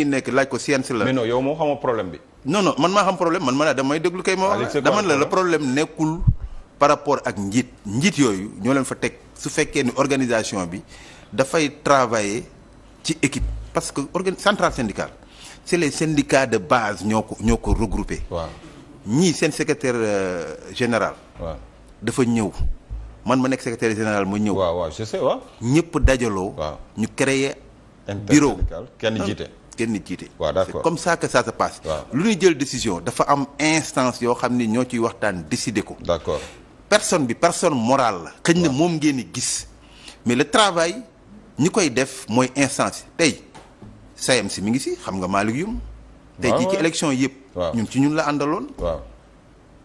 kii nekk laaj ko science la. mais non yow moo xamoo problème bi. non non man maa xam problème man ma ne damay déglu kay. ma wax dama la le problème nekkul par rapport ak njiit njiit yooyu ñoo leen fa teg su fekkee ni organisation bi dafay travailler ci équipe parce que organ centrale syndicale c'est les syndicats de base ñoo ko ñoo ko regroupé. waaw ñii seen secrétaire euh, général. waaw dafa ñëw. man ma nekk secrétaire général ma ñëw. waaw waaw je sais dajaloo. ñu créer bureau kenn jiite. kenn nit jiite c'est comme ça que ça se passe lu ñuy jël décision dafa am instance yoo xam ni ñoo ciy waxtaan décidé ko d'accord personne bi personne morale la xëñ na moom ngeen di gis mais le travail ñi koy def mooy instance tey sayam si mi ngi si xam nga Malick Youm tey ci ci élection yëpp ñun ci ñun la àndaloon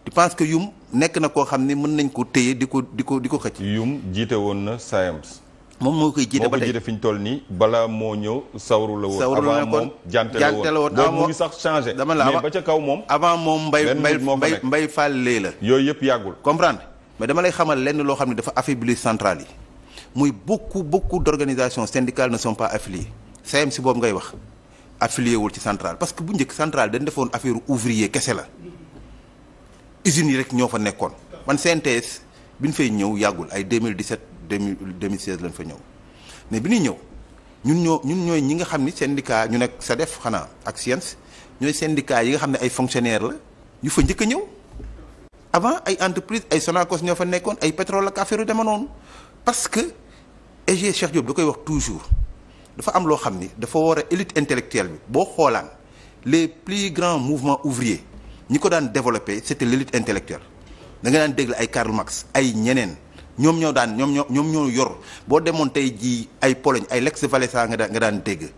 je pense que yum nekk na koo xam ne mën nañ koo téye di ko di ko di ko xëcc Youm jiite woon na SAEMS moom moo koy jiite ba tey moo ko jiite ñu toll nii balaa moo ñëw sawru la woon. sawru la woon jante la woon boobu mu sax changé. dama la mais ba ca kaw moom. avant moom mbay mbay mbay faal lee la. yooyu yëpp yàggul. comprendre mais dama lay xamal lenn loo xam ne dafa affaiblir centrale yi muy beaucoup beaucoup d' organisations na ne sont pas affiliées CM si boobu ngay wax affilié wul ci centrale parce que bu njëkk centrale dañ defoon affaire ouvrier kese la usines yi rek ñoo fa nekkoon man CNTS bi ñu fay ñëw yàggul ay 2017. 2016 lañ fa ñëw mais bi ñuy ñëw ñun ñoo ñun ñooy ñi nga xam ni syndicat ñu nekk def xanaa ak SYENS ñooy syndicat yi nga xam ne ay fonctionnaire la yu fa njëkk a ñëw avant ay entreprise ay Sonacos ñoo fa nekkoon ay pétrole ak affaire yu parce que EG Cheikh Diop da koy wax toujours dafa am loo xam ni dafa war a élite intellectuelle bi boo xoolaan les plus grands mouvements ouvriers ñi ko daan développé c'était l'élite intellectuelle da nga daan déglu ay Karl Marx ay ñeneen ñoom ñoo daan ñoom ñoo ñoom ñoo yor boo demoon tey jii ay Pologne ay Lech Walesa nga daan nga daan dégg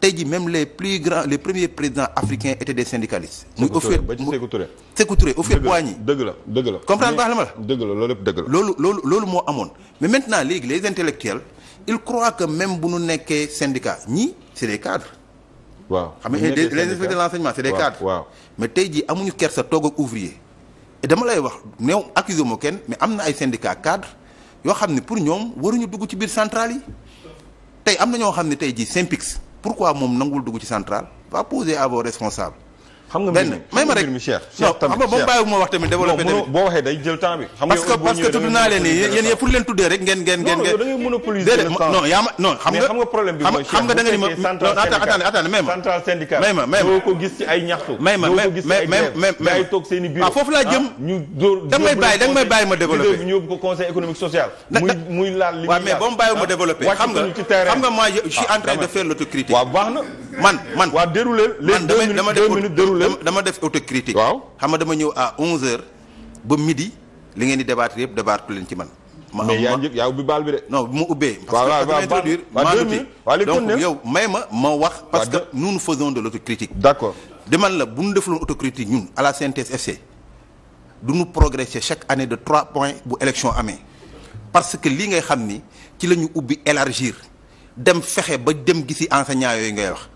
tey jii même les plus grands les premiers présidents africains étaient des syndicalistes. muy Houphouët ba ci Sékou Touré. Sékou Touré Houphouët Boigny dëgg la dëgg la. comprendre baax la ma la dëgg la loolu yëpp dëgg la. loolu loolu loolu moo amoon mais maintenant léegi les intellectuels ils croient que même bu nu nekkee syndicat ñii c'est des cadres. waaw xam nga les inspecteurs de l'enseignement c'est des cadres. waaw mais tey jii amuñu kersa toog ak ouvrier. dama lay wax néew accusé moo kenn mais am na ay syndicats cadres yoo xam ne pour ñoom waruñu dugg ci biir central yi tey am na ñoo xam ne tey ji Synpics pourquoi moom nanguwul dugg ci centrale va poser à vos xam nga may ma rek Cheikh Cheikh tamit non ba bàyyi ma wax tamit développé tamit i bureau ah, foofu laa ah, jëm ñu dóor da nga may bàyyi da nga may bàyyi yóbbu ko conseil économique social muy mais boo ma bàyyi ma ah, développé xam nga xam nga moi de faire l'autocritique na man man waaw déroulé les deux minutes dama def minutes déroulé dama def autocritique waaw xam nga dama ñëw à 11h ba midi li ngeen di débattre yëpp débattre leen ci man. ma mais yaa njëkk yaa ubbi baal bi de. non bu mu ubbee. waaw waaw waaw waaw yow may ma ma wax. parce que nous nous faisons de l' autocritique. d' accord demal la bu ñu defuloon autocritique ñun à la CNTS FC du ñu progresser chaque année de 3 points bu élection amee parce que li ngay xam ni ci la ñu ubbi élargir dem fexe ba dem gisi enseignants yooyu ngay wax.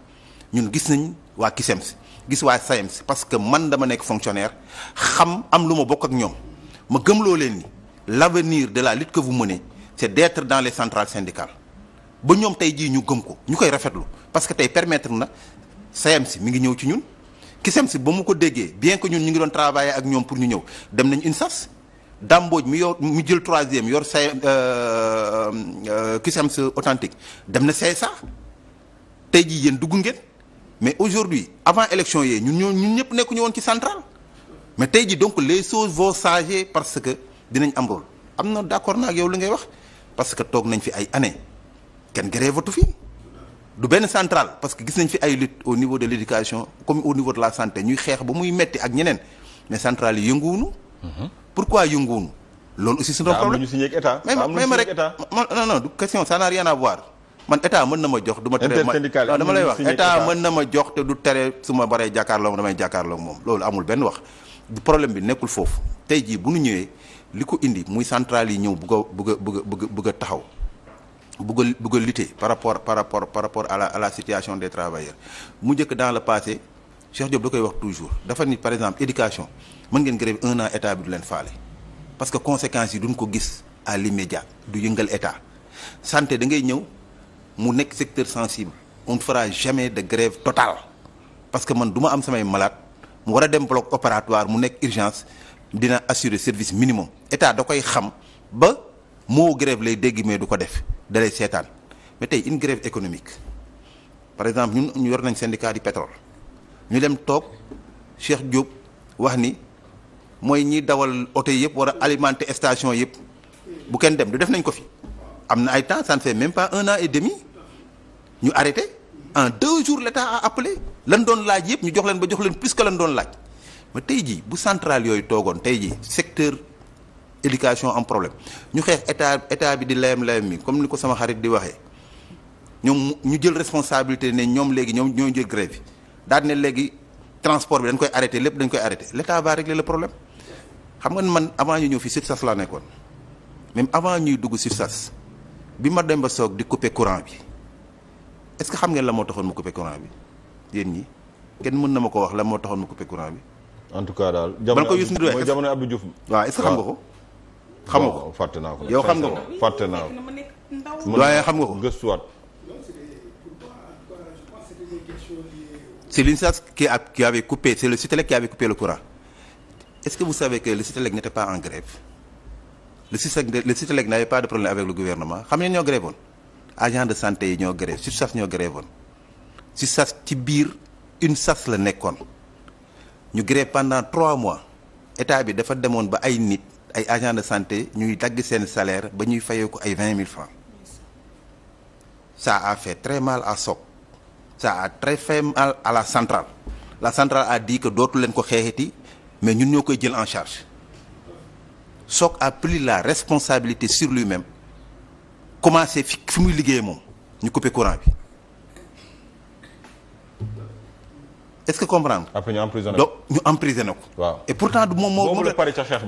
ñun gis nañ waa CUSEMS gis waa SAEMS parce que man dama nekk fonctionnaire xam am lu ma bokk ak ñoom ma gëm loo leen ni l'avenir de la lutte que vous menez c'est d'être dans les centrales syndicales ba ñoom tey jii ñu gëm ko ñu koy rafetlu parce que tey permettre na SAEMS mi ngi ñëw ci ñun CUSEMS ba mu ko déggee bien que ñun ñu ngi doon travailler ak ñoom pour ñu ñëw dem nañ UNSAS dàmbooj mi yor mu jël troisième yor sa CUSEMS euh, euh, authentique dem na CSA tey jii yéen dugg ngeen mais aujourd'hui avant élection yee ñun ñoo ñun ñëpp nekkuñu woon ci central mais tey ji donc les choses vont changer parce que dinañ am rôle am na d'accord naa ak yow li ngay wax parce que toog nañ fi ay années kenn grèvatu fi du benn central parce que gis nañ fi ay lutte au niveau de l'éducation comme au niveau de la santé ñuy xeex ba muy metti ak ñeneen mais central yi yënguwunu mhm. pourquoi yënguwunu loolu aussi c'est un problème mais mais ma rek non non question ça n'a rien man état mën na ma jox duma ma tere non dama lay wax état mën na ma jox te du tere su ma baree jàkkaarloo damay jàkkaarloo moom loolu amul benn wax problème bi nekkul foofu tey jii bu ñu ñëwee li ko indi muy centrale yi ñëw bugg a bugg a bugg a taxaw bugg a bugg par rapport par rapport par rapport à la à la situation des travailleurs mu njëkk dans le passé Cheikh Diop da koy wax toujours dafa ni par exemple éducation mën ngeen grève un an état bi du leen faale parce que conséquences yi duñ ko gis à l'immédiat du yëngal état santé da ngay ñëw. mu nekk secteur sensible on ne fera jamais de grève totale parce que man du ma am samay malade mu war a dem bloc opératoire mu nekk urgence dina assurer service minimum état da koy xam ba moo grève lay dégg mais du ko def da lay seetaan mais tey une grève économique par exemple ñun ñu yor nañ syndicat du pétrole ñu dem toog Cheikh Diop wax ni mooy ñiy dawal oto yëpp war a alimenter station yëpp bu kenn dem du def nañ ko fi am na ay temps ça ne fait même pas un an et demi. ñu arrêté en deux jours l'état a appelé lan doon laaj yëpp ñu jox leen ba jox leen plus que lan doon laaj ma tey jii bu centrale yooyu toogoon tey jii secteur éducation am problème ñu xeex état état bi di layam layam mi comme ni ko sama xarit di waxee ñoom ñu jël responsabilité ne ñoom léegi ñoom ñoo jël grève bi daal ne léegi transport bi dañ koy arrêté lépp dañ koy arrêté l'état va régler le problème xam nga man avant ñu ñëw fi SUTSAS laa nekkoon même avant ñuy dugg SUTSAS bi ma dem soog di couper bi. est-ce que xam ngeen la moo taxoon mu coupé courant bi yéen ñi kenn mën na ma ko wax la moo taxoon mu coupé courant bi. en tout cas daal. jamono jamono Abdou xam nga ko. xamoo ko fàtte naa ko. yow xam nga ko fàtte naa ko. doyen a qui avait coupé si le Sutelec qui avait coupé le courant est-ce que vous savez que le Sutelec n'était pas en grève le Sutelec le Sutelec pas de problème avec le gouvernement xam ne ñoo grève woon agent de santé yi ñoo grève SUTSAS ñoo grève woon SUTSAS ci biir une UNSAS la nekkoon ñu grève pendant trois mois état bi dafa demoon ba ay nit ay agent de santé ñuy dagg seen salaire ba ñuy fayee ko ay vingt mille francs ça a fait très mal à Sock ça à très fait mal à la centrale la centrale à dit que dootu leen ko xeexiti mais ñun ñoo koy jël en charge Sock à pris la responsabilité sur lui-même commencé fi fi muy liggéeyee moom ñu couper courant bi est-ce que comprendre. après ñu emprisonné ko donc ñu emprisonné moom waaw et pourtant du moom ba